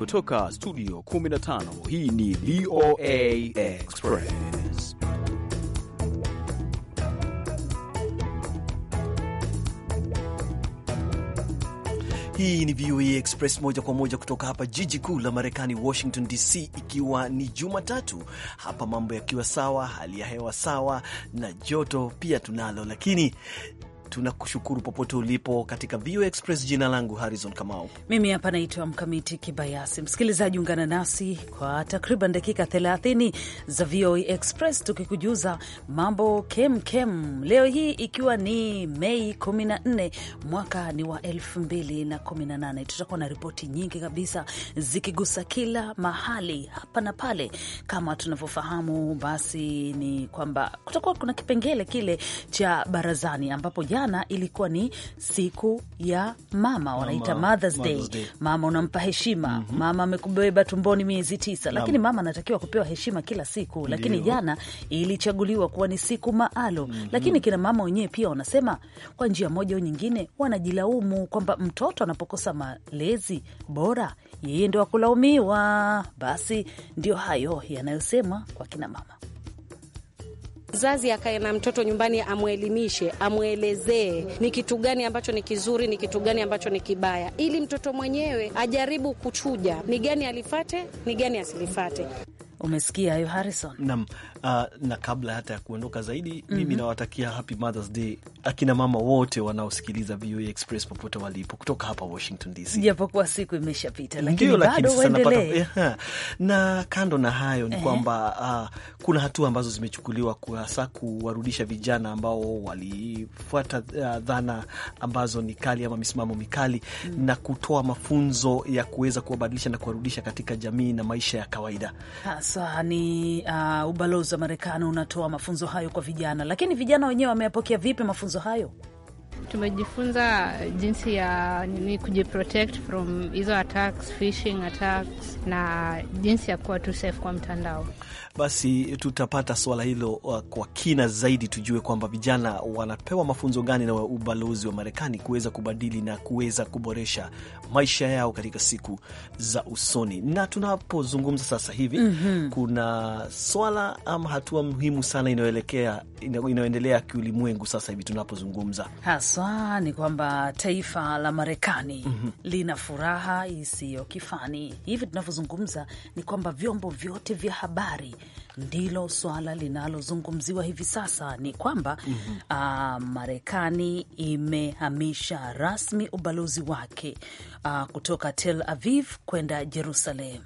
kutoka studio 15 hii ni VOA Express. Hii ni VOA Express moja kwa moja kutoka hapa jiji kuu la Marekani, Washington DC, ikiwa ni Jumatatu hapa, mambo yakiwa sawa, hali ya hewa sawa na joto pia tunalo, lakini Tunakushukuru popote ulipo katika VOA Express. Jina langu Harrison Kamau, mimi hapa naitwa Mkamiti Kibayasi. Msikilizaji, ungana nasi kwa takriban dakika 30 za VOA Express tukikujuza mambo kem kem, leo hii ikiwa ni Mei 14 mwaka ni wa 2018. Tutakuwa na ripoti nyingi kabisa zikigusa kila mahali hapa na pale. Kama tunavyofahamu, basi ni kwamba kutakuwa kuna kipengele kile cha barazani ambapo ya jana ilikuwa ni siku ya mama, wanaita Mother's Day. Mama unampa heshima mm -hmm. Mama amekubeba tumboni miezi tisa, lakini mama anatakiwa kupewa heshima kila siku, lakini Ndiyo. jana ilichaguliwa kuwa ni siku maalum mm -hmm. Lakini kina mama wenyewe pia wanasema kwa njia moja au nyingine wanajilaumu kwamba mtoto anapokosa malezi bora yeye ndo akulaumiwa. Basi ndio hayo yanayosemwa kwa kina mama. Mzazi akae na mtoto nyumbani, amwelimishe, amwelezee ni kitu gani ambacho ni kizuri, ni kitu gani ambacho ni kibaya, ili mtoto mwenyewe ajaribu kuchuja ni gani alifate, ni gani asilifate. Umesikia hayo Harrison? Naam. Uh, na kabla hata ya kuondoka zaidi mm -hmm. Mimi mhm. nawatakia happy Mother's Day akina mama wote wanaosikiliza VOA Express popote walipo kutoka hapa Washington DC, japokuwa siku imeshapita lakini bado waendelee. Na kando na hayo ni kwamba uh, kuna hatua ambazo zimechukuliwa hasa kuwarudisha vijana ambao walifuata uh, dhana ambazo ni kali ama misimamo mikali mm -hmm. na kutoa mafunzo ya kuweza kuwabadilisha na kuwarudisha katika jamii na maisha ya kawaida ha, sasa ni uh, ubalozi wa Marekani unatoa mafunzo hayo kwa vijana, lakini vijana wenyewe wameyapokea vipi mafunzo hayo? Tumejifunza jinsi ya nini kujiprotect from hizo attacks, phishing attacks na jinsi ya kuwa tu safe kwa mtandao. Basi tutapata swala hilo uh, kwa kina zaidi, tujue kwamba vijana wanapewa mafunzo gani na ubalozi wa Marekani kuweza kubadili na kuweza kuboresha maisha yao katika siku za usoni. Na tunapozungumza sasa hivi mm -hmm. kuna swala ama hatua muhimu sana inayoelekea inayoendelea kiulimwengu sasa hivi tunapozungumza, haswa ni kwamba taifa la Marekani mm -hmm. lina furaha isiyo kifani. Hivi tunavyozungumza ni kwamba vyombo vyote vya habari ndilo swala linalozungumziwa hivi sasa. Ni kwamba mm -hmm. uh, Marekani imehamisha rasmi ubalozi wake uh, kutoka Tel Aviv kwenda Jerusalem.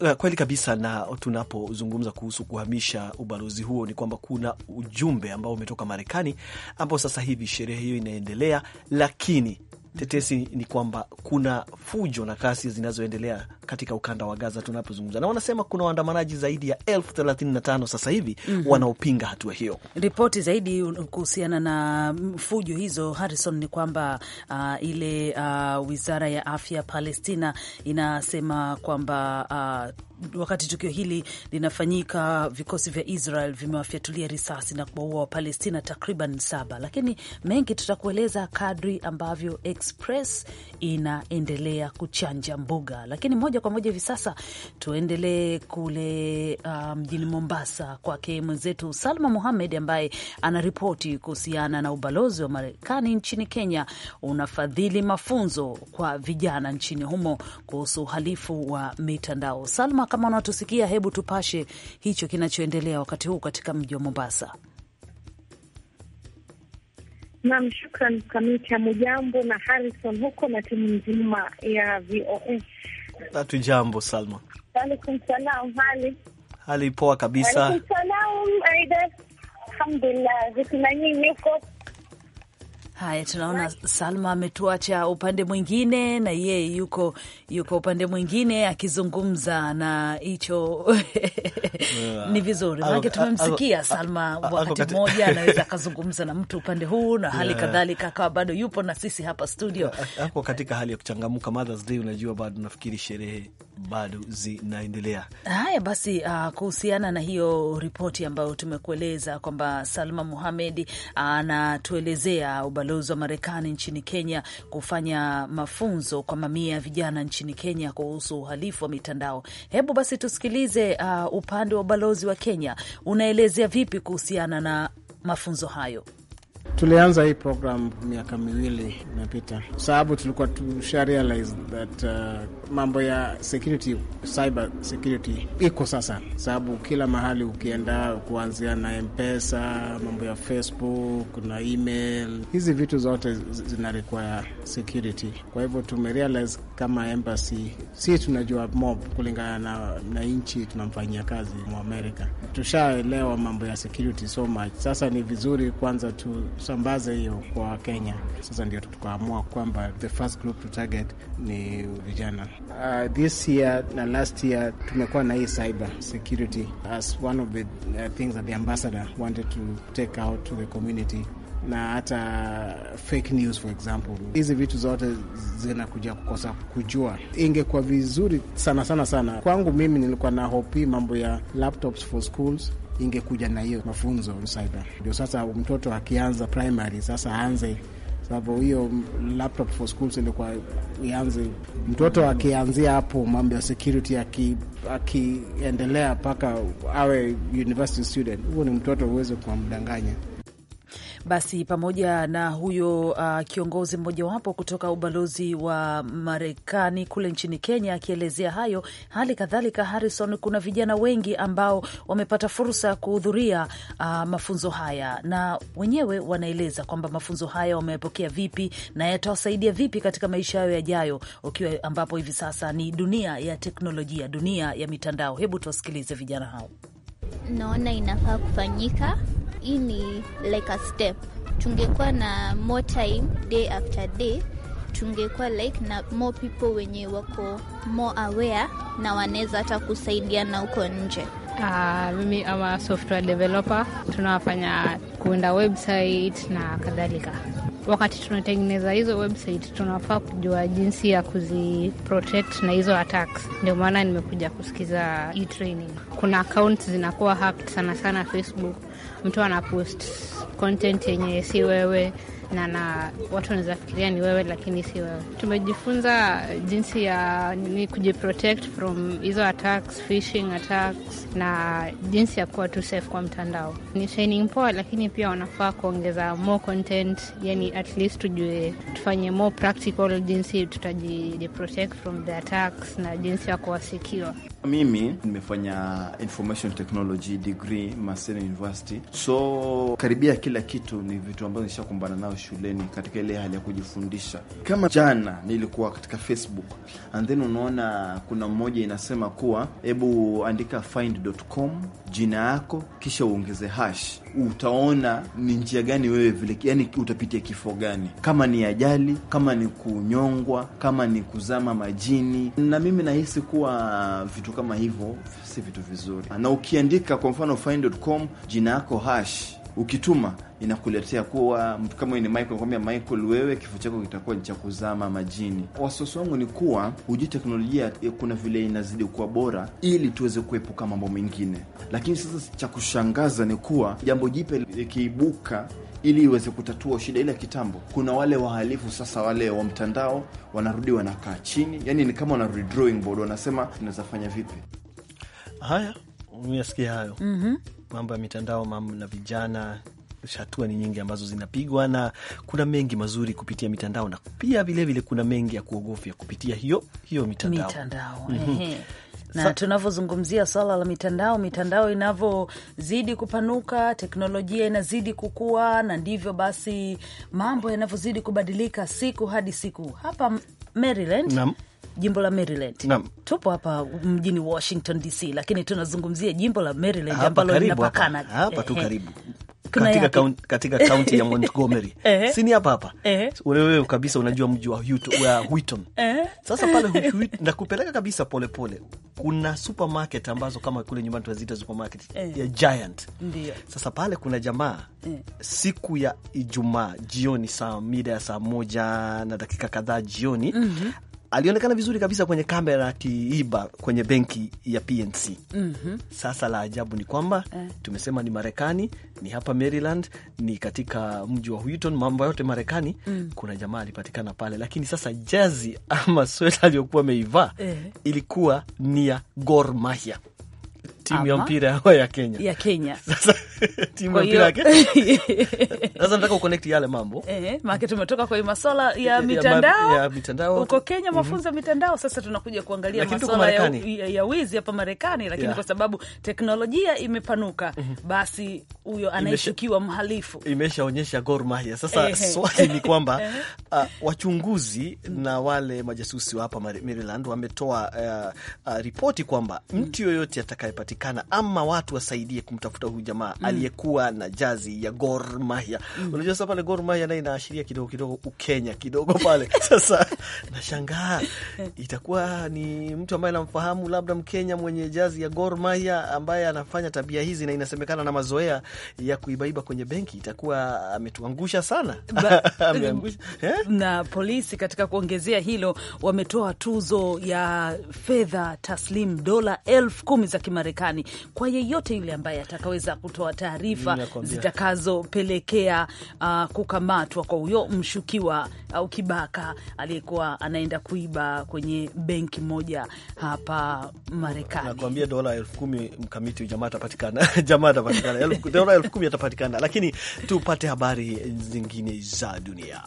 Eh, kweli kabisa. Na tunapozungumza kuhusu kuhamisha ubalozi huo, ni kwamba kuna ujumbe ambao umetoka Marekani, ambao sasa hivi sherehe hiyo inaendelea, lakini tetesi ni kwamba kuna fujo na kasi zinazoendelea katika ukanda wa Gaza tunapozungumza, na wanasema kuna waandamanaji zaidi ya elfu thelathini na tano sasa hivi mm -hmm. wanaopinga hatua hiyo. Ripoti zaidi kuhusiana na fujo hizo, Harrison, ni kwamba uh, ile uh, wizara ya afya Palestina inasema kwamba uh, wakati tukio hili linafanyika, vikosi vya Israel vimewafyatulia risasi na kuwaua Wapalestina takriban saba, lakini mengi tutakueleza kadri ambavyo Express inaendelea kuchanja mbuga. Lakini moja kwa moja hivi sasa tuendelee kule uh, mjini um, Mombasa, kwake mwenzetu Salma Muhamed ambaye anaripoti kuhusiana na ubalozi wa Marekani nchini Kenya unafadhili mafunzo kwa vijana nchini humo kuhusu uhalifu wa mitandao. Salma kama unatusikia, hebu tupashe hicho kinachoendelea wakati huu katika mji wa Mombasa. Nam, shukran Mkamiti. Hamujambo na Harrison huko na timu nzima ya VOA. jambo Salma. Waalaikum salam. Hali hali poa kabisa. Waalaikum salam. Aida, alhamdulillah. Vipi na nyinyi huko? Haya, tunaona Salma ametuacha upande mwingine, na yeye yuko yuko upande mwingine akizungumza na hicho ni vizuri manake tumemsikia Salma wakati mmoja anaweza akazungumza na mtu upande huu na hali kadhalika akawa bado yupo na sisi hapa studio, hapo katika hali ya kuchangamuka. Mother's Day, unajua bado nafikiri sherehe bado zinaendelea. Haya basi, uh, kuhusiana na hiyo ripoti ambayo tumekueleza kwamba Salma Muhamedi ah, anatuelezea uh, ubalozi wa Marekani nchini Kenya kufanya mafunzo kwa mamia ya vijana nchini Kenya kuhusu uhalifu wa mitandao. Hebu basi tusikilize uh, upande wa ubalozi wa Kenya unaelezea vipi kuhusiana na mafunzo hayo. Tulianza hii program miaka miwili imepita, kwa sababu tulikuwa tusha realize that uh, mambo ya security, cyber security iko sasa, sababu kila mahali ukienda, kuanzia na Mpesa, mambo ya Facebook na email, hizi vitu zote zina require security. Kwa hivyo tumerealize kama embassy, si tunajua mob kulingana na, na nchi tunamfanyia kazi mwa Amerika, tushaelewa mambo ya security so much. Sasa ni vizuri kwanza tusambaze hiyo kwa Kenya. Sasa ndio tukaamua kwamba the first group to target ni vijana. Uh, this year na last year tumekuwa na hii cyber security as one of the uh, things that the ambassador wanted to take out to the community na hata fake news for example, hizi vitu zote zinakuja kukosa kujua. Ingekuwa vizuri sana sana sana kwangu mimi, nilikuwa na hopi mambo ya laptops for schools ingekuja na hiyo mafunzo cyber, ndio sasa mtoto akianza primary sasa aanze sababu hiyo laptop for schools ilikuwa ianze mtoto akianzia hapo mambo ya security, akiendelea aki mpaka awe university student, huo ni mtoto uweze kuwamdanganya. Basi pamoja na huyo uh, kiongozi mmojawapo kutoka ubalozi wa Marekani kule nchini Kenya akielezea hayo. Hali kadhalika, Harrison, kuna vijana wengi ambao wamepata fursa ya kuhudhuria uh, mafunzo haya, na wenyewe wanaeleza kwamba mafunzo haya wameyapokea vipi na yatawasaidia vipi katika maisha yao yajayo, ukiwa ambapo hivi sasa ni dunia ya teknolojia, dunia ya mitandao. Hebu tuwasikilize vijana hao. Naona inafaa kufanyika hii ni like a step. Tungekuwa na more time day after day, tungekuwa like na more people wenye wako more aware na wanaweza hata kusaidiana huko nje. Uh, mimi ama software developer tunafanya kuunda website na kadhalika. Wakati tunatengeneza hizo website, tunafaa kujua jinsi ya kuziprotect na hizo attacks. Ndio maana nimekuja kusikiza hii training. Kuna accounts zinakuwa hacked sana sana Facebook, mtu anapost content yenye si wewe na na watu wanaweza fikiria ni wewe lakini si wewe. Tumejifunza jinsi ya ni kujiprotect from hizo attacks, phishing attacks na jinsi ya kuwa tu safe kwa mtandao. Ni training poa, lakini pia wanafaa kuongeza more content, yani at least tujue tufanye more practical jinsi tutajiprotect from the attacks na jinsi ya kuwasikiwa mimi nimefanya information technology degree Maseno University, so karibia kila kitu ni vitu ambavyo nishakumbana nao shuleni katika ile hali ya kujifundisha. Kama jana nilikuwa katika Facebook and then unaona kuna mmoja inasema kuwa hebu andika find.com jina yako kisha uongeze hash, utaona ni njia gani wewe vile, yani utapitia kifo gani, kama ni ajali, kama ni kunyongwa, kama ni kuzama majini. Na mimi nahisi kuwa vitu kama hivyo si vitu vizuri, na ukiandika kwa mfano find.com jina yako hash ukituma inakuletea kuwa mtu kama ni Michael, nakwambia Michael, wewe kifo chako kitakuwa ni cha kuzama majini. Wasiwasi wangu ni kuwa hujui teknolojia kuna vile inazidi kuwa bora, ili tuweze kuepuka mambo mengine. Lakini sasa cha kushangaza ni kuwa jambo jipya likiibuka ili iweze kutatua shida ile ya kitambo, kuna wale wahalifu sasa, wale wa mtandao wanarudi, wanakaa chini, yani ni kama wanarudi redrawing board, wanasema tunaweza fanya vipi haya. umeasikia hayo? mm -hmm mambo ya mitandao, mambo na vijana hatua ni nyingi ambazo zinapigwa na kuna mengi mazuri kupitia mitandao, na pia vilevile kuna mengi ya kuogofya kupitia hiyo hiyo mitandao, mitandao. Mhm. na tunavyozungumzia swala la mitandao, mitandao inavyozidi kupanuka, teknolojia inazidi kukua, na ndivyo basi mambo yanavyozidi kubadilika siku hadi siku hapa Maryland jimbo la Maryland. Naam. Tupo hapa mjini Washington DC, lakini tunazungumzia jimbo la Maryland ambalo linapakana hapa tu karibu katika kaunti, katika kaunti ya Montgomery si ni hapa hapa wewe kabisa unajua mji wa Wheaton. Sasa pale nakupeleka kabisa polepole pole. Kuna supermarket ambazo kama kule nyumbani tunaziita supermarket eh. ya Giant. Ndiyo. Sasa pale kuna jamaa eh. siku ya Ijumaa jioni saa mida ya saa moja na dakika kadhaa jioni mm -hmm alionekana vizuri kabisa kwenye kamera akiiba kwenye benki ya PNC. mm -hmm. Sasa la ajabu ni kwamba eh, tumesema ni Marekani, ni hapa Maryland, ni katika mji wa Houston, mambo yote Marekani. mm. Kuna jamaa alipatikana pale, lakini sasa jazi ama sweta aliyokuwa ameivaa eh, ilikuwa ni ya Gor Mahia timu ya mpira ya Kenya ya Kenya. Sasa timu ya mpira ya Kenya sasa nataka uconnect yale mambo eh, maana tumetoka kwa masuala ya mitandao ya mitandao huko Kenya, mhm. mafunzo ya mitandao. Sasa tunakuja kuangalia masuala ya, ya, ya wizi hapa Marekani, lakini kwa sababu teknolojia imepanuka mhm. Basi huyo anayeshukiwa mhalifu imeshaonyesha Gor Mahia. Sasa swali ni kwamba uh, wachunguzi na wale majasusi wa hapa Maryland wametoa uh, uh, ripoti kwamba mtu mm. yoyote atakayepatikana kupatikana, ama watu wasaidie kumtafuta huyu jamaa mm. aliyekuwa na jazi ya Gor Mahia mm. Unajua sasa pale Gor Mahia naye inaashiria kidogo kidogo Ukenya kidogo pale sasa nashangaa itakuwa ni mtu ambaye namfahamu labda Mkenya mwenye jazi ya Gor Mahia ambaye anafanya tabia hizi na inasemekana na mazoea ya kuibaiba kwenye benki, itakuwa ametuangusha sana eh? na polisi katika kuongezea hilo wametoa tuzo ya fedha taslim dola elfu kumi za Kimarekani Marekani kwa yeyote yule ambaye atakaweza kutoa taarifa zitakazopelekea uh, kukamatwa kwa huyo mshukiwa au kibaka aliyekuwa anaenda kuiba kwenye benki moja hapa Marekani. Nakwambia dola elfu kumi mkamiti, jamaa atapatikana, jamaa atapatikana, dola elfu kumi atapatikana. Lakini tupate habari zingine za dunia.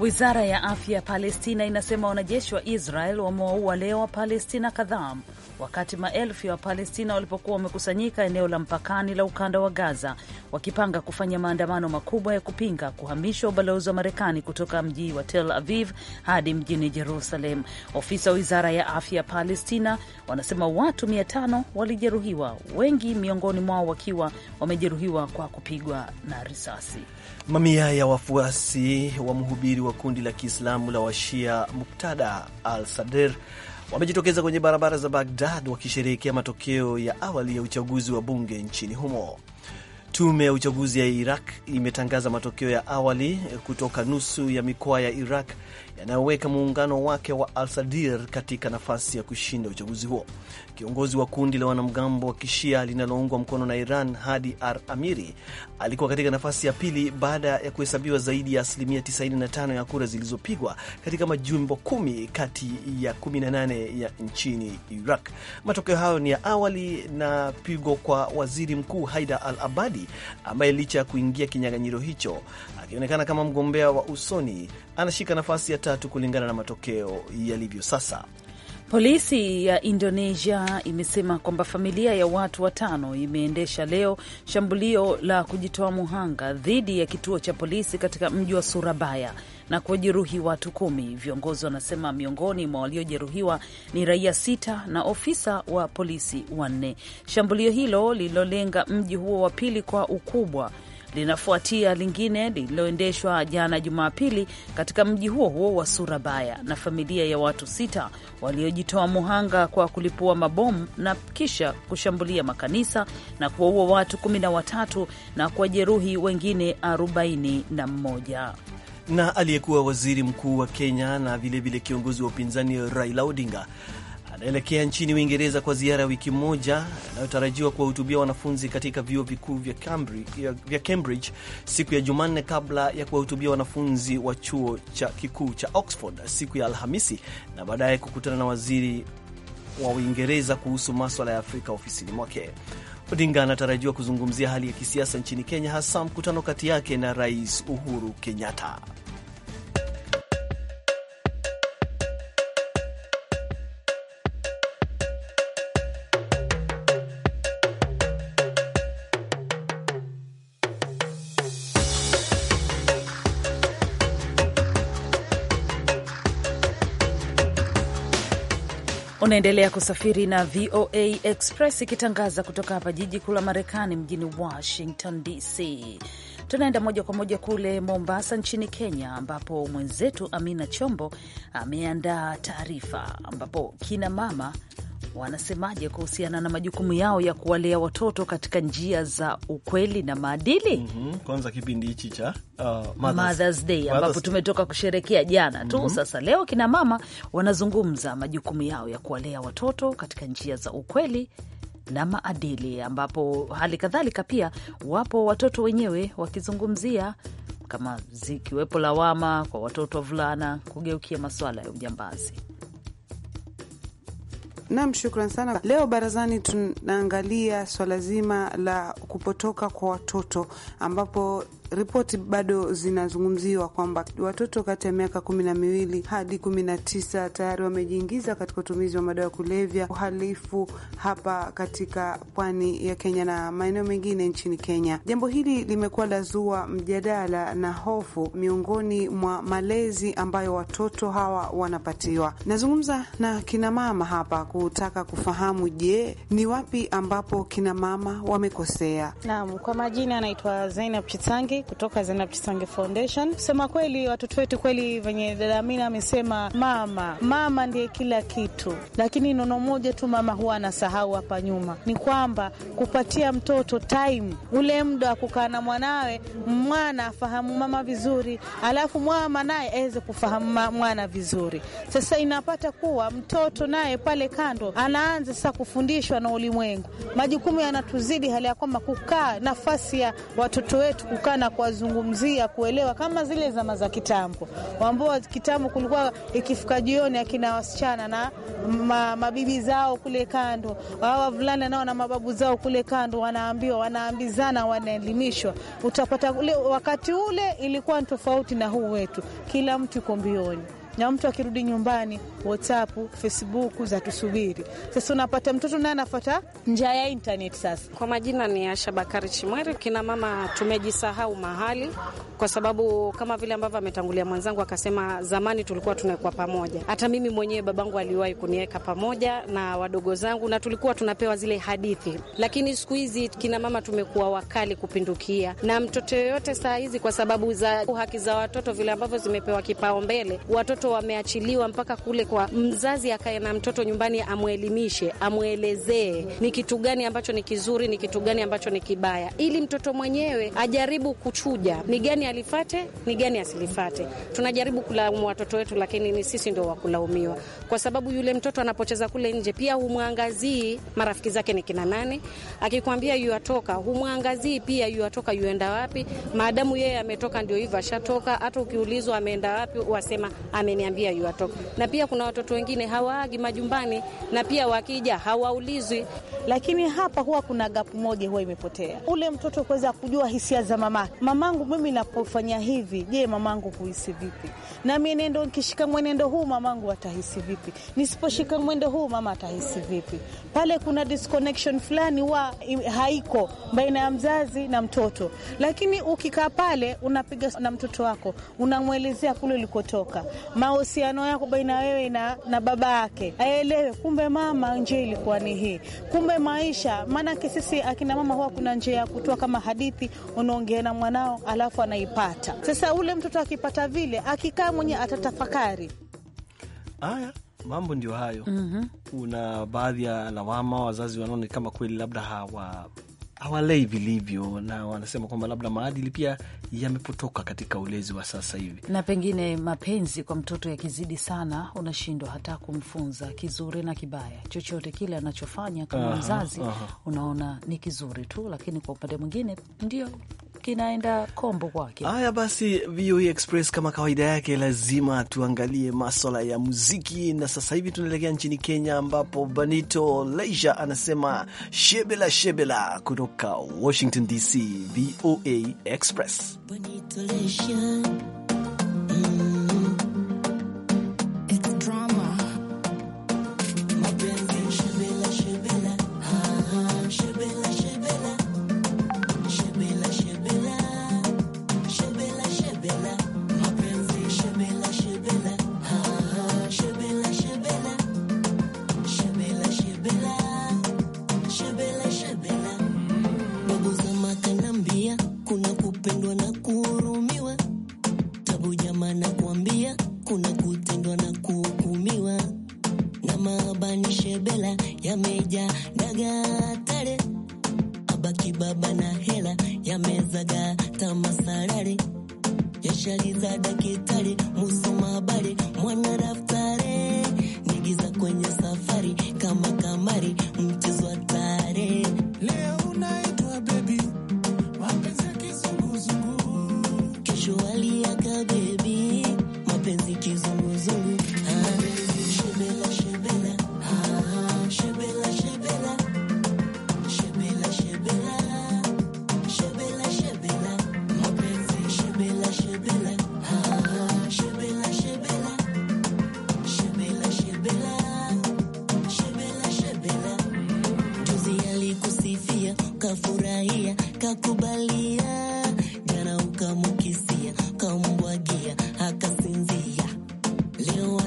Wizara ya afya ya Palestina inasema wanajeshi wa Israel wamewaua leo wa palestina kadhaa wakati maelfu ya Wapalestina walipokuwa wamekusanyika eneo la mpakani la ukanda wa Gaza wakipanga kufanya maandamano makubwa ya kupinga kuhamishwa ubalozi wa Marekani kutoka mji wa Tel Aviv hadi mjini Jerusalem. Ofisa wa wizara ya afya ya Palestina wanasema watu mia tano walijeruhiwa, wengi miongoni mwao wakiwa wamejeruhiwa kwa kupigwa na risasi. Mamia ya wafuasi wa mhubiri wa kundi la Kiislamu la Washia Muktada al Sadr wamejitokeza kwenye barabara za Bagdad wakisherehekea matokeo ya awali ya uchaguzi wa bunge nchini humo. Tume ya uchaguzi ya Iraq imetangaza matokeo ya awali kutoka nusu ya mikoa ya Iraq yanayoweka muungano wake wa Al-Sadir katika nafasi ya kushinda uchaguzi huo. Kiongozi wa kundi la wanamgambo wa kishia linaloungwa mkono na Iran, Hadi Ar Amiri, alikuwa katika nafasi ya pili baada ya kuhesabiwa zaidi ya asilimia 95 ya kura zilizopigwa katika majimbo kumi kati ya 18 ya nchini Iraq. Matokeo hayo ni ya awali na pigo kwa waziri mkuu haida Al Abadi, ambaye licha ya kuingia kinyang'anyiro hicho akionekana kama mgombea wa usoni, anashika nafasi ya tatu kulingana na matokeo yalivyo sasa. Polisi ya Indonesia imesema kwamba familia ya watu watano imeendesha leo shambulio la kujitoa muhanga dhidi ya kituo cha polisi katika mji wa Surabaya na kuwajeruhi watu kumi. Viongozi wanasema miongoni mwa waliojeruhiwa ni raia sita na ofisa wa polisi wanne. Shambulio hilo lililolenga mji huo wa pili kwa ukubwa linafuatia lingine lililoendeshwa jana Jumapili katika mji huo huo wa Surabaya na familia ya watu sita waliojitoa muhanga kwa kulipua mabomu na kisha kushambulia makanisa na kuwaua watu kumi na watatu na kuwajeruhi wengine arobaini na mmoja na aliyekuwa waziri mkuu wa Kenya na vilevile vile kiongozi wa upinzani Raila Odinga anaelekea nchini Uingereza kwa ziara ya wiki moja anayotarajiwa kuwahutubia wanafunzi katika vyuo vikuu vya Cambridge siku ya Jumanne kabla ya kuwahutubia wanafunzi wa chuo cha kikuu cha Oxford siku ya Alhamisi na baadaye kukutana na waziri wa Uingereza kuhusu maswala ya Afrika ofisini mwake. Odinga anatarajiwa kuzungumzia hali ya kisiasa nchini Kenya, hasa mkutano kati yake na Rais Uhuru Kenyatta. Unaendelea kusafiri na VOA Express ikitangaza kutoka hapa jiji kuu la Marekani, mjini Washington DC. Tunaenda moja kwa moja kule Mombasa nchini Kenya, ambapo mwenzetu Amina Chombo ameandaa taarifa ambapo kina mama wanasemaje kuhusiana na majukumu yao ya kuwalea watoto katika njia za ukweli na maadili. mm -hmm. Kwanza kipindi hichi cha uh, Mother's, Mother's Day ambapo tumetoka kusherekea jana tu. mm -hmm. Sasa leo kina mama wanazungumza majukumu yao ya kuwalea watoto katika njia za ukweli na maadili, ambapo hali kadhalika pia wapo watoto wenyewe wakizungumzia kama zikiwepo lawama kwa watoto wavulana kugeukia masuala ya ujambazi. Nam, shukran sana. Leo barazani tunaangalia swala zima la kupotoka kwa watoto, ambapo Ripoti bado zinazungumziwa kwamba watoto kati ya miaka kumi na miwili hadi kumi na tisa tayari wamejiingiza katika utumizi wa madawa ya kulevya, uhalifu hapa katika pwani ya Kenya na maeneo mengine nchini Kenya. Jambo hili limekuwa la zua mjadala na hofu miongoni mwa malezi ambayo watoto hawa wanapatiwa. Nazungumza na kinamama hapa kutaka kufahamu, je, ni wapi ambapo kinamama wamekosea? Naam, kwa majina anaitwa Zainab Chitsangi kutoka Zainab Chisange Foundation. Kusema kweli, watoto wetu kweli, venye dada Amina amesema, mama mama ndiye kila kitu, lakini nono moja tu mama huwa anasahau hapa nyuma, ni kwamba kupatia mtoto time, ule muda wa kukaa na mwanawe, mwana afahamu mama vizuri, alafu mama naye aweze kufahamu mwana vizuri. Sasa inapata kuwa mtoto naye pale kando anaanza sasa kufundishwa na ulimwengu, majukumu yanatuzidi, hali ya kwamba kukaa nafasi ya watoto wetu kukaa na na kuwazungumzia kuelewa, kama zile zama za kitambo, ambao kitambo kulikuwa ikifika jioni, akina wasichana na ma, mabibi zao kule kando, hawa wavulana nao na mababu zao kule kando, wanaambiwa, wanaambizana, wanaelimishwa. Utapata ule wakati ule ilikuwa ni tofauti na huu wetu, kila mtu iko mbioni na mtu akirudi nyumbani WhatsApp, Facebook za tusubiri. Sasa unapata mtoto naye anafata njia ya internet. Sasa kwa majina ni Asha Bakari Chimweri. Kina mama tumejisahau mahali, kwa sababu kama vile ambavyo ametangulia mwenzangu akasema, zamani tulikuwa tunawekwa pamoja. Hata mimi mwenyewe babangu aliwahi kuniweka pamoja na wadogo zangu, na tulikuwa tunapewa zile hadithi, lakini siku hizi kina mama tumekuwa wakali kupindukia, na mtoto yoyote saa hizi kwa sababu za haki za watoto vile ambavyo zimepewa kipaumbele watoto watoto wameachiliwa mpaka kule kwa mzazi akae na mtoto nyumbani, amwelimishe, amwelezee ni kitu gani ambacho ni kizuri, ni kitu gani ambacho ni kibaya, ili mtoto mwenyewe ajaribu kuchuja ni gani alifate, ni gani asilifate. Tunajaribu kulaumu watoto wetu, lakini ni sisi ndio wakulaumiwa, kwa sababu yule mtoto anapocheza kule nje pia humwangazii marafiki zake ni kina nani. Akikwambia yuatoka, humwangazii pia yuatoka, yuenda wapi, maadamu yeye ametoka. Ndio hivyo ashatoka, hata ukiulizwa ameenda wapi, wasema ame ameniambia yu Na pia kuna watoto wengine hawaagi majumbani, na pia wakija hawaulizwi. Lakini hapa huwa kuna gapu moja huwa imepotea, ule mtoto kuweza kujua hisia za mama. Mamangu mimi napofanya hivi, je, mamangu huhisi vipi? Na mienendo, nkishika mwenendo huu mamangu atahisi vipi? Nisiposhika mwendo huu mama atahisi vipi? Pale kuna disconnection fulani huwa haiko baina ya mzazi na mtoto, lakini ukikaa pale unapiga na mtoto wako, unamwelezea kule ulikotoka mahusiano yako baina wewe na, na baba yake, aelewe kumbe mama njia ilikuwa ni hii, kumbe maisha. Maanake sisi akina mama huwa kuna njia ya kutoa kama hadithi, unaongea na mwanao alafu anaipata. Sasa ule mtoto akipata vile, akikaa mwenye atatafakari haya mambo ndio hayo. mm -hmm. Kuna baadhi ya lawama wazazi wanaona kama kweli labda hawa hawalei vilivyo, na wanasema kwamba labda maadili pia yamepotoka katika ulezi wa sasa hivi, na pengine mapenzi kwa mtoto yakizidi sana, unashindwa hata kumfunza kizuri na kibaya. Chochote kile anachofanya kama mzazi, unaona ni kizuri tu, lakini kwa upande mwingine ndio kinaenda kombo kwake. Haya basi, VOA e Express kama kawaida yake lazima tuangalie maswala ya muziki, na sasa hivi tunaelekea nchini Kenya ambapo banito Leisure anasema shebela shebela kutoka Washington DC. VOA e Express Leisure. mabanishebela yameja dagaa tare abaki baba na hela yamezaga tamasarare yashaliza dakitari musumabare habari mwana daftare nigiza kwenye safari kama kamari mchezo wa tare leo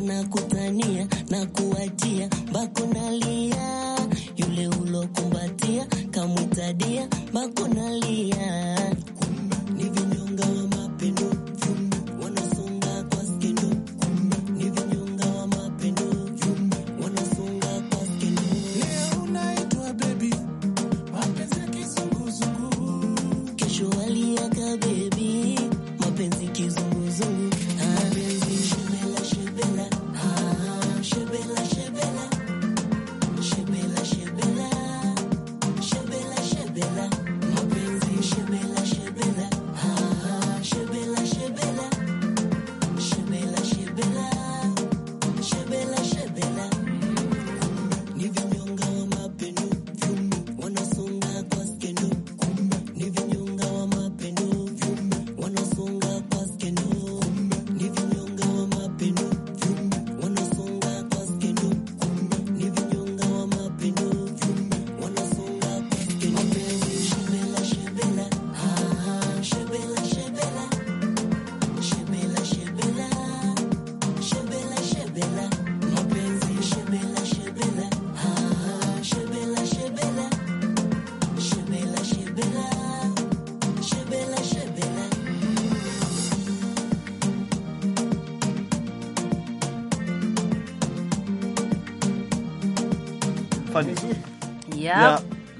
anakutania na kuwatia mbako nalia, yule ulokumbatia kamutadia mbako nalia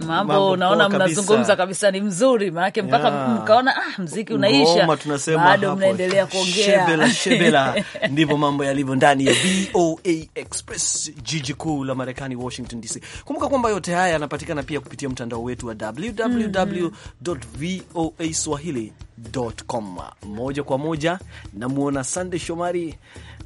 mambo unaona, mnazungumza kabisa ni mzuri, maanake mpaka mkaona ah, mziki unaisha, bado mnaendelea kuongea shebela, shebela. Ndivyo mambo yalivyo ndani ya VOA Express, jiji kuu la Marekani, Washington DC. Kumbuka kwamba yote haya yanapatikana pia kupitia mtandao wetu wa www.voaswahili.com. Moja kwa moja namwona Sande Shomari.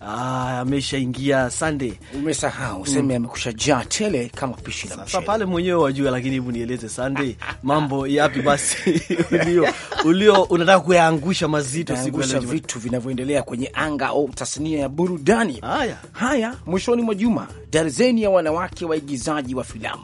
Ah, ameshaingia Sande, umesahau seme mm. amekusha jaa tele kama pishi la mchele. Sasa pale mwenyewe wajua, lakini hebu nieleze Sande, mambo yapi basi ulio ulio unataka kuyaangusha mazito, sikuangusha vitu vinavyoendelea kwenye anga au tasnia ya burudani. Haya, haya, mwishoni mwa juma darzeni ya wanawake waigizaji wa filamu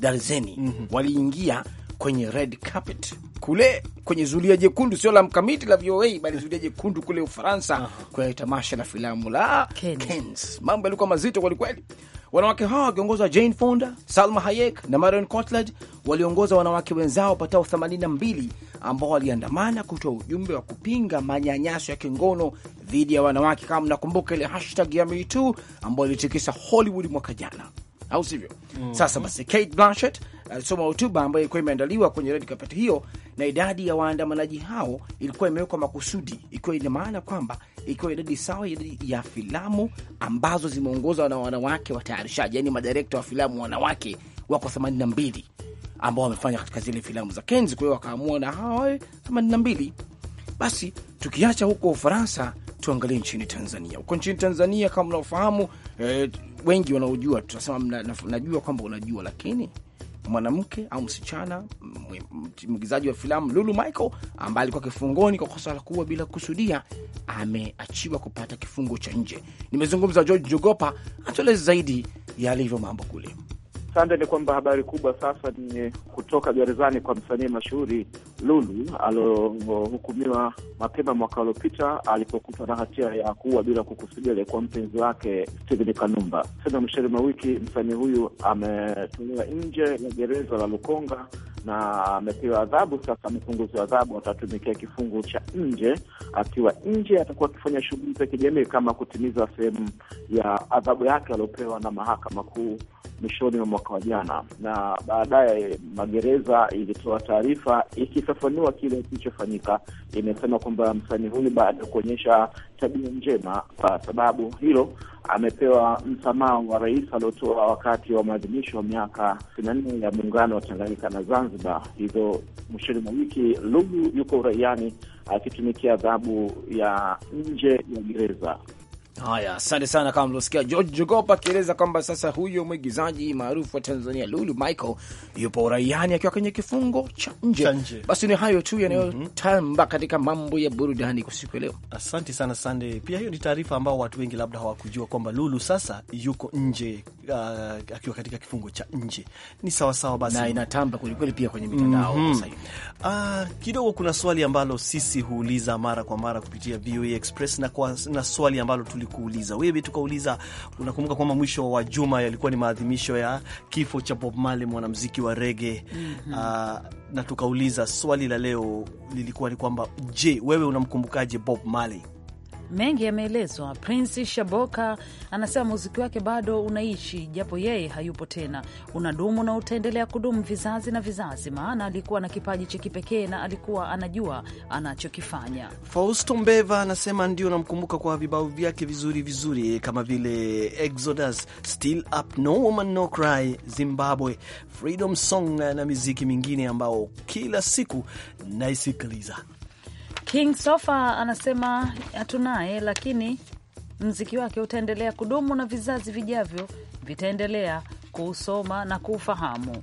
darzeni mm -hmm. waliingia kwenye red carpet kule kwenye zulia jekundu, sio la mkamiti la VOA bali zulia jekundu kule Ufaransa, uh -huh. kwenye tamasha la filamu la Cannes. Mambo yalikuwa mazito kwelikweli. Wanawake hawa wakiongozwa Jane Fonda, Salma Hayek na Marion Cotillard waliongoza wanawake wenzao wapatao 82 ambao waliandamana kutoa ujumbe wa kupinga manyanyaso ya kingono dhidi ya wanawake, kama mnakumbuka ile hashtag ya MeToo ambayo ilitikisa Hollywood mwaka jana au sivyo? mm -hmm. Sasa basi Kate Blanchett alisoma uh, hotuba ambayo ilikuwa imeandaliwa kwenye red carpet hiyo, na idadi ya waandamanaji hao ilikuwa imewekwa makusudi, ikiwa ina maana kwamba ikiwa idadi sawa idadi ya filamu ambazo zimeongozwa na wanawake watayarishaji, yani madirekta wa filamu wanawake wako 82 ambao wamefanya katika zile filamu za Kenzi. Kwa hiyo wakaamua na hawa 82. Basi tukiacha huko Ufaransa, tuangalie nchini Tanzania. Huko nchini Tanzania, kama unaofahamu eh, wengi wanaojua tunasema mna, na, najua kwamba unajua, lakini mwanamke au msichana mwigizaji wa filamu Lulu Michael ambaye alikuwa kifungoni kwa kosa la kuua bila kusudia ameachiwa kupata kifungo cha nje. Nimezungumza George Jogopa atueleze zaidi yalivyo mambo kule. Sande, ni kwamba habari kubwa sasa ni kutoka gerezani kwa msanii mashuhuri Lulu aliohukumiwa mapema mwaka uliopita alipokutwa na hatia ya kuua bila kukusudia aliyekuwa mpenzi wake Stephen Kanumba. Sasa mwishoni mwa wiki msanii huyu ametolewa nje ya gereza la Lukonga na amepewa adhabu sasa, amepunguzwa adhabu, atatumikia kifungo cha nje. Akiwa nje, atakuwa akifanya shughuli za kijamii kama kutimiza sehemu ya adhabu yake aliyopewa na mahakama kuu mwishoni mwa mwaka wa jana, na baadaye magereza ilitoa taarifa ikifafanua kile kilichofanyika. Imesema kwamba msanii huyu baada ya kuonyesha tabia njema, kwa sababu hilo amepewa msamaha wa rais aliotoa wakati wa maadhimisho wa miaka sitini na nne ya muungano wa Tanganyika na Zanzibar. Hivyo mwishoni mwa wiki Lulu yuko uraiani akitumikia adhabu ya nje ya gereza. Haya, asante sana. Kama mliosikia George Jogopa akieleza kwamba sasa huyo mwigizaji maarufu wa Tanzania Lulu Michael yupo uraiani akiwa kwenye kifungo cha nje. Basi ni hayo tu yanayotamba mm -hmm. katika mambo ya burudani kwa siku ya leo. Asante sana Sande. Pia hiyo ni taarifa ambao watu wengi labda hawakujua kwamba Lulu sasa yuko nje, uh, akiwa katika kifungo cha nje. Ni sawasawa basi, na inatamba kwelikweli pia kwenye mitandao mm -hmm. Sasa uh, kidogo kuna swali ambalo sisi huuliza mara kwa mara kupitia VOA Express na, kwa, na swali ambalo tuli tulikuuliza wewe, tukauliza unakumbuka kwamba mwisho wa juma yalikuwa ni maadhimisho ya kifo cha Bob Marley, mwanamuziki wa rege mm -hmm. Ah, na tukauliza swali la leo lilikuwa ni kwamba je, wewe unamkumbukaje Bob Marley? mengi yameelezwa. Prince Shaboka anasema muziki wake bado unaishi, japo yeye hayupo tena, unadumu na utaendelea kudumu vizazi na vizazi, maana alikuwa na kipaji cha kipekee na alikuwa anajua anachokifanya. Fausto Mbeva anasema ndio namkumbuka kwa vibao vyake vizuri vizuri kama vile Exodus, Still Up, No Woman No Cry, Zimbabwe, Freedom Song na miziki mingine ambao kila siku naisikiliza. King Sofa anasema hatunaye, lakini mziki wake utaendelea kudumu na vizazi vijavyo vitaendelea kuusoma na kuufahamu.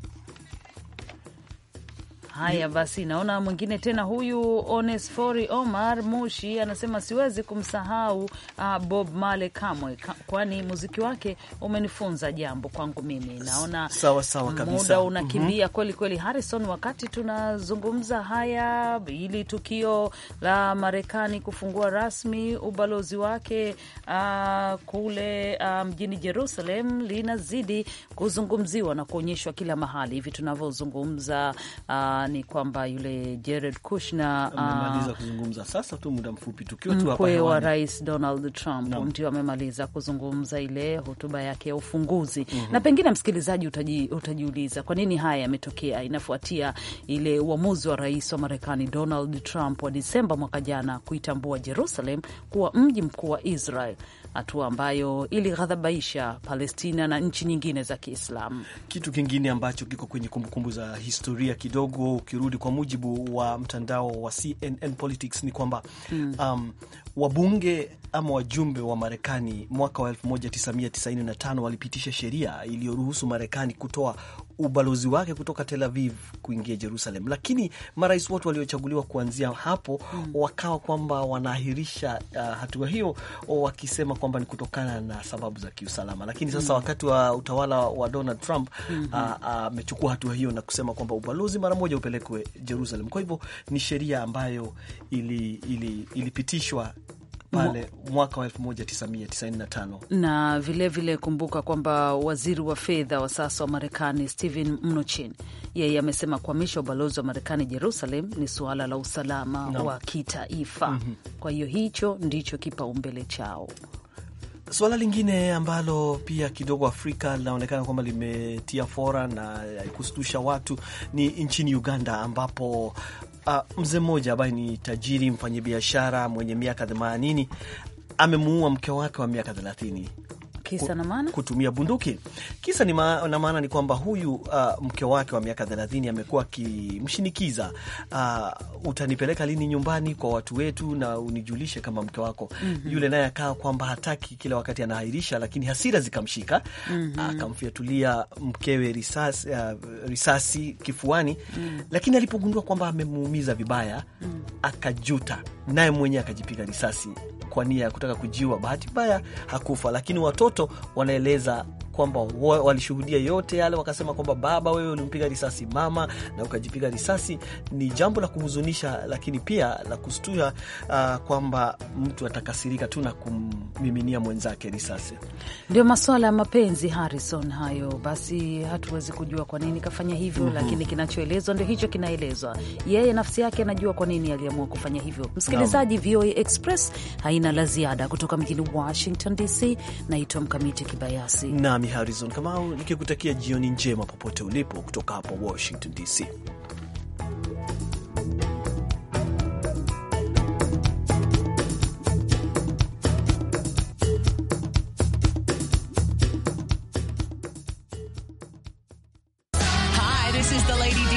Haya basi, naona mwingine tena huyu Onesfori Omar Mushi anasema siwezi kumsahau uh, Bob male kamwe, kwani muziki wake umenifunza jambo kwangu mimi. Naona sawa, sawa, muda mhm. unakimbia mm -hmm. kweli kweli, Harrison, wakati tunazungumza haya, ili tukio la Marekani kufungua rasmi ubalozi wake uh, kule uh, mjini Jerusalem linazidi kuzungumziwa na kuonyeshwa kila mahali hivi tunavyozungumza uh, ni kwamba yule Jared Kushner ah, amemaliza kuzungumza sasa tu muda mfupi tukiwa tu hapa mkwe wa rais Donald Trump no. ndio amemaliza kuzungumza ile hotuba yake ya ufunguzi mm -hmm. na pengine msikilizaji utaji, utajiuliza kwa nini haya yametokea. Inafuatia ile uamuzi wa rais wa Marekani Donald Trump wa Disemba mwaka jana kuitambua Jerusalem kuwa mji mkuu wa Israel hatua ambayo ilighadhabaisha Palestina na nchi nyingine za Kiislamu. Kitu kingine ambacho kiko kwenye kumbukumbu za historia kidogo, ukirudi kwa mujibu wa mtandao wa CNN Politics ni kwamba mm. um, Wabunge ama wajumbe wa Marekani mwaka wa 1995 walipitisha sheria iliyoruhusu Marekani kutoa ubalozi wake kutoka Tel Aviv kuingia Jerusalem, lakini marais wote waliochaguliwa kuanzia hapo mm, wakawa kwamba wanaahirisha uh, hatua hiyo wakisema kwamba ni kutokana na sababu za kiusalama. Lakini sasa mm, wakati wa utawala wa Donald Trump amechukua mm -hmm. uh, uh, hatua hiyo na kusema kwamba ubalozi mara moja upelekwe Jerusalem. Kwa hivyo ni sheria ambayo ilipitishwa ili, ili pale mwaka wa 1995 na vilevile vile kumbuka kwamba waziri wa fedha wa sasa wa Marekani Steven Mnuchin yeye amesema kuhamisha ubalozi wa Marekani Jerusalem ni suala la usalama no. wa kitaifa mm -hmm. Kwa hiyo hicho ndicho kipaumbele chao. Suala lingine ambalo pia kidogo Afrika linaonekana kwamba limetia fora na kustusha watu ni nchini Uganda, ambapo Uh, mzee mmoja ambaye ni tajiri mfanyabiashara mwenye miaka 80 amemuua mke wake wa miaka thelathini Kisa na maana? Kutumia bunduki. Kisa ni ma na maana ni kwamba huyu uh, mke wake wa miaka 30 amekuwa akimshinikiza uh, utanipeleka lini nyumbani kwa watu wetu na unijulishe kama mke wako. Mm -hmm. Yule naye akaa kwamba hataki, kila wakati anahairisha, lakini hasira zikamshika. Mm -hmm. Akamfiatulia mkewe risasi, uh, risasi kifuani. Mm -hmm. Lakini alipogundua kwamba amemuumiza vibaya, mm -hmm. akajuta naye mwenyewe akajipiga risasi kwa nia ya kutaka kujiua. Bahati mbaya hakufa, lakini watoto wanaeleza kwamba walishuhudia yote yale, wakasema kwamba baba, wewe ulimpiga risasi mama na ukajipiga risasi. Ni jambo la kuhuzunisha, lakini pia la kustua uh, kwamba mtu atakasirika tu na kummiminia mwenzake risasi. Ndio maswala ya mapenzi Harrison, hayo basi, hatuwezi kujua kwa nini kafanya hivyo mm -hmm. Lakini kinachoelezwa ndio hicho kinaelezwa, yeye nafsi yake anajua kwa nini aliamua kufanya hivyo. Msikilizaji, VOA Express haina la ziada kutoka mjini Washington DC. Naitwa Mkamiti Kibayasi nami Harrison Kamau nikikutakia jioni njema popote ulipo kutoka hapa Washington DC.